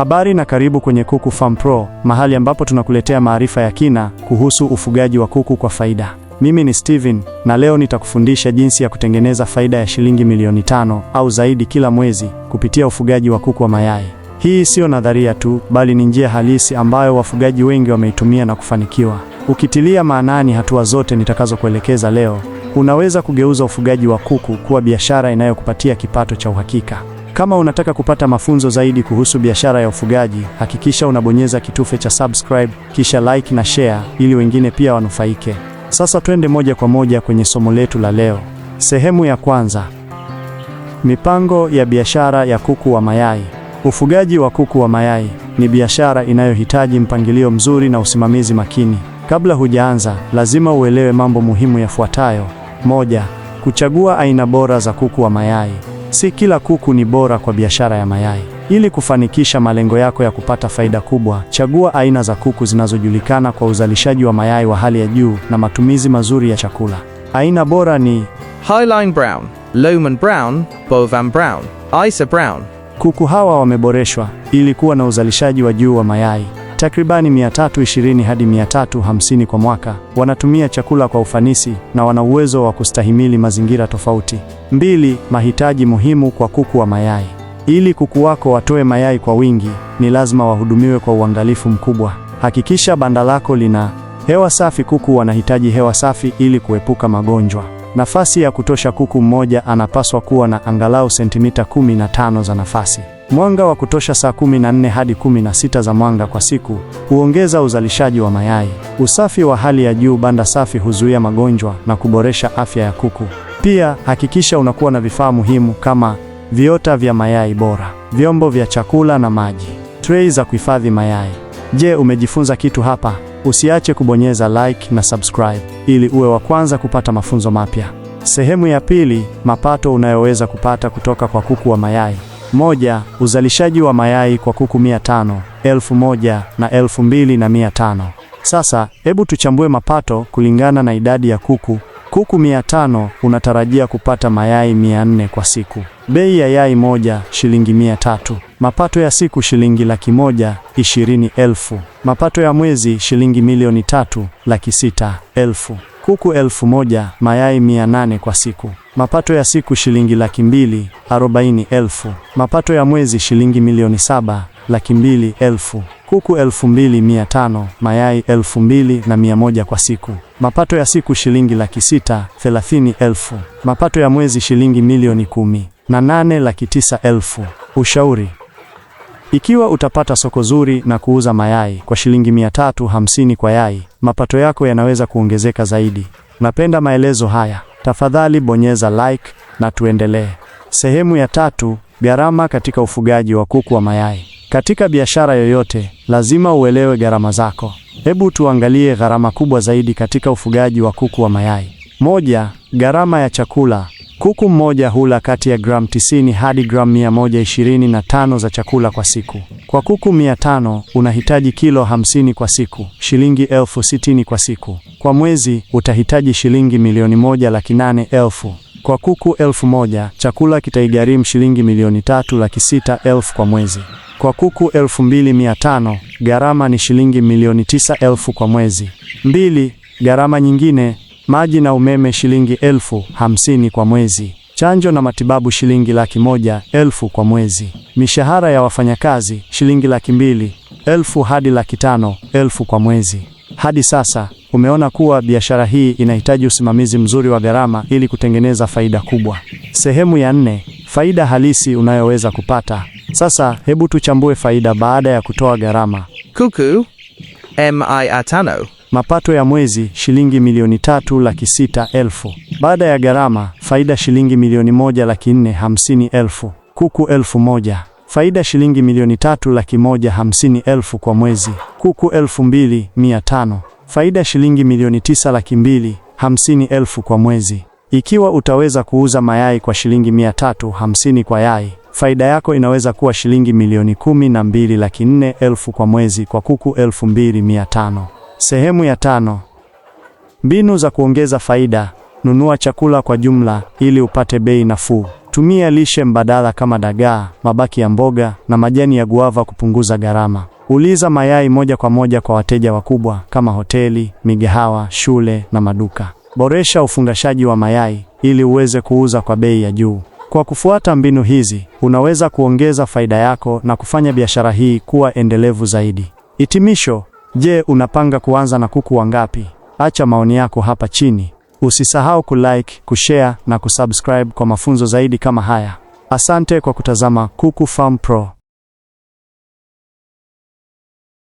Habari na karibu kwenye Kuku Farm Pro, mahali ambapo tunakuletea maarifa ya kina kuhusu ufugaji wa kuku kwa faida. Mimi ni Steven na leo nitakufundisha jinsi ya kutengeneza faida ya shilingi milioni tano au zaidi kila mwezi kupitia ufugaji wa kuku wa mayai. Hii siyo nadharia tu, bali ni njia halisi ambayo wafugaji wengi wameitumia na kufanikiwa. Ukitilia maanani hatua zote nitakazokuelekeza leo, unaweza kugeuza ufugaji wa kuku kuwa biashara inayokupatia kipato cha uhakika. Kama unataka kupata mafunzo zaidi kuhusu biashara ya ufugaji, hakikisha unabonyeza kitufe cha subscribe kisha like na share ili wengine pia wanufaike. Sasa twende moja kwa moja kwenye somo letu la leo. Sehemu ya kwanza. Mipango ya biashara ya kuku wa mayai. Ufugaji wa kuku wa mayai ni biashara inayohitaji mpangilio mzuri na usimamizi makini. Kabla hujaanza, lazima uelewe mambo muhimu yafuatayo. Moja, kuchagua aina bora za kuku wa mayai. Si kila kuku ni bora kwa biashara ya mayai. Ili kufanikisha malengo yako ya kupata faida kubwa, chagua aina za kuku zinazojulikana kwa uzalishaji wa mayai wa hali ya juu na matumizi mazuri ya chakula. Aina bora ni Highline Brown, Lohmann Brown, Bovan Brown, Isa Brown. Kuku hawa wameboreshwa ili kuwa na uzalishaji wa juu wa mayai takribani 320 hadi 350 kwa mwaka. Wanatumia chakula kwa ufanisi na wana uwezo wa kustahimili mazingira tofauti. Mbili, mahitaji muhimu kwa kuku wa mayai. Ili kuku wako watoe mayai kwa wingi, ni lazima wahudumiwe kwa uangalifu mkubwa. Hakikisha banda lako lina hewa safi. Kuku wanahitaji hewa safi ili kuepuka magonjwa. Nafasi ya kutosha, kuku mmoja anapaswa kuwa na angalau sentimita 15 za nafasi. Mwanga wa kutosha saa 14 hadi 16 za mwanga kwa siku huongeza uzalishaji wa mayai. Usafi wa hali ya juu, banda safi huzuia magonjwa na kuboresha afya ya kuku. Pia hakikisha unakuwa na vifaa muhimu kama viota vya mayai bora, vyombo vya chakula na maji, tray za kuhifadhi mayai. Je, umejifunza kitu hapa? Usiache kubonyeza like na subscribe ili uwe wa kwanza kupata mafunzo mapya. Sehemu ya pili: mapato unayoweza kupata kutoka kwa kuku wa mayai. Moja, uzalishaji wa mayai kwa kuku mia tano, elfu moja na elfu mbili na mia tano. Sasa hebu tuchambue mapato kulingana na idadi ya kuku. Kuku mia tano unatarajia kupata mayai mia nne kwa siku. Bei ya yai moja shilingi mia tatu. Mapato ya siku shilingi laki moja ishirini elfu. Mapato ya mwezi shilingi milioni tatu laki sita elfu kuku elfu moja, mayai mia nane kwa siku. Mapato ya siku shilingi laki mbili arobaini elfu. Mapato ya mwezi shilingi milioni saba laki mbili elfu. Kuku elfu mbili mia tano, mayai elfu mbili na mia moja kwa siku. Mapato ya siku shilingi laki sita thelathini elfu. Mapato ya mwezi shilingi milioni kumi na nane laki tisa elfu. Ushauri. Ikiwa utapata soko zuri na kuuza mayai kwa shilingi mia tatu hamsini kwa yai, mapato yako yanaweza kuongezeka zaidi. Napenda maelezo haya, tafadhali bonyeza like na tuendelee. Sehemu ya tatu: gharama katika ufugaji wa kuku wa mayai. Katika biashara yoyote lazima uelewe gharama zako. Hebu tuangalie gharama kubwa zaidi katika ufugaji wa kuku wa mayai. Moja, gharama ya chakula Kuku mmoja hula kati ya gramu 90 hadi gramu 125 za chakula kwa siku. Kwa kuku 500 unahitaji kilo 50 kwa siku, shilingi elfu sitini kwa siku. Kwa mwezi utahitaji shilingi milioni moja laki nane elfu. Kwa kuku elfu moja chakula kitaigharimu shilingi milioni tatu laki sita elfu kwa mwezi. Kwa kuku elfu mbili mia tano gharama ni shilingi milioni tisa elfu kwa mwezi. mbili gharama nyingine maji na umeme shilingi elfu hamsini kwa mwezi, chanjo na matibabu shilingi laki moja elfu kwa mwezi, mishahara ya wafanyakazi shilingi laki mbili elfu hadi laki tano elfu kwa mwezi. Hadi sasa umeona kuwa biashara hii inahitaji usimamizi mzuri wa gharama ili kutengeneza faida kubwa. Sehemu ya nne, faida halisi unayoweza kupata. Sasa hebu tuchambue faida baada ya kutoa gharama. Kuku MI atano Mapato ya mwezi shilingi milioni tatu laki sita elfu. Baada ya gharama, faida shilingi milioni moja laki nne hamsini elfu. Kuku elfu moja. Faida shilingi milioni tatu laki moja hamsini elfu kwa mwezi. Kuku elfu mbili mia tano. Faida shilingi milioni tisa laki mbili hamsini elfu kwa mwezi. Ikiwa utaweza kuuza mayai kwa shilingi mia tatu hamsini kwa yai, faida yako inaweza kuwa shilingi milioni kumi na mbili laki nne elfu kwa mwezi kwa kuku elfu mbili mia tano. Sehemu ya tano: mbinu za kuongeza faida. Nunua chakula kwa jumla ili upate bei nafuu. Tumia lishe mbadala kama dagaa, mabaki ya mboga na majani ya guava kupunguza gharama. Uliza mayai moja kwa moja kwa wateja wakubwa kama hoteli, migahawa, shule na maduka. Boresha ufungashaji wa mayai ili uweze kuuza kwa bei ya juu. Kwa kufuata mbinu hizi, unaweza kuongeza faida yako na kufanya biashara hii kuwa endelevu zaidi. Hitimisho, Je, unapanga kuanza na kuku wangapi? Acha maoni yako hapa chini. Usisahau kulike, kushare na kusubscribe kwa mafunzo zaidi kama haya. Asante kwa kutazama Kuku Farm Pro.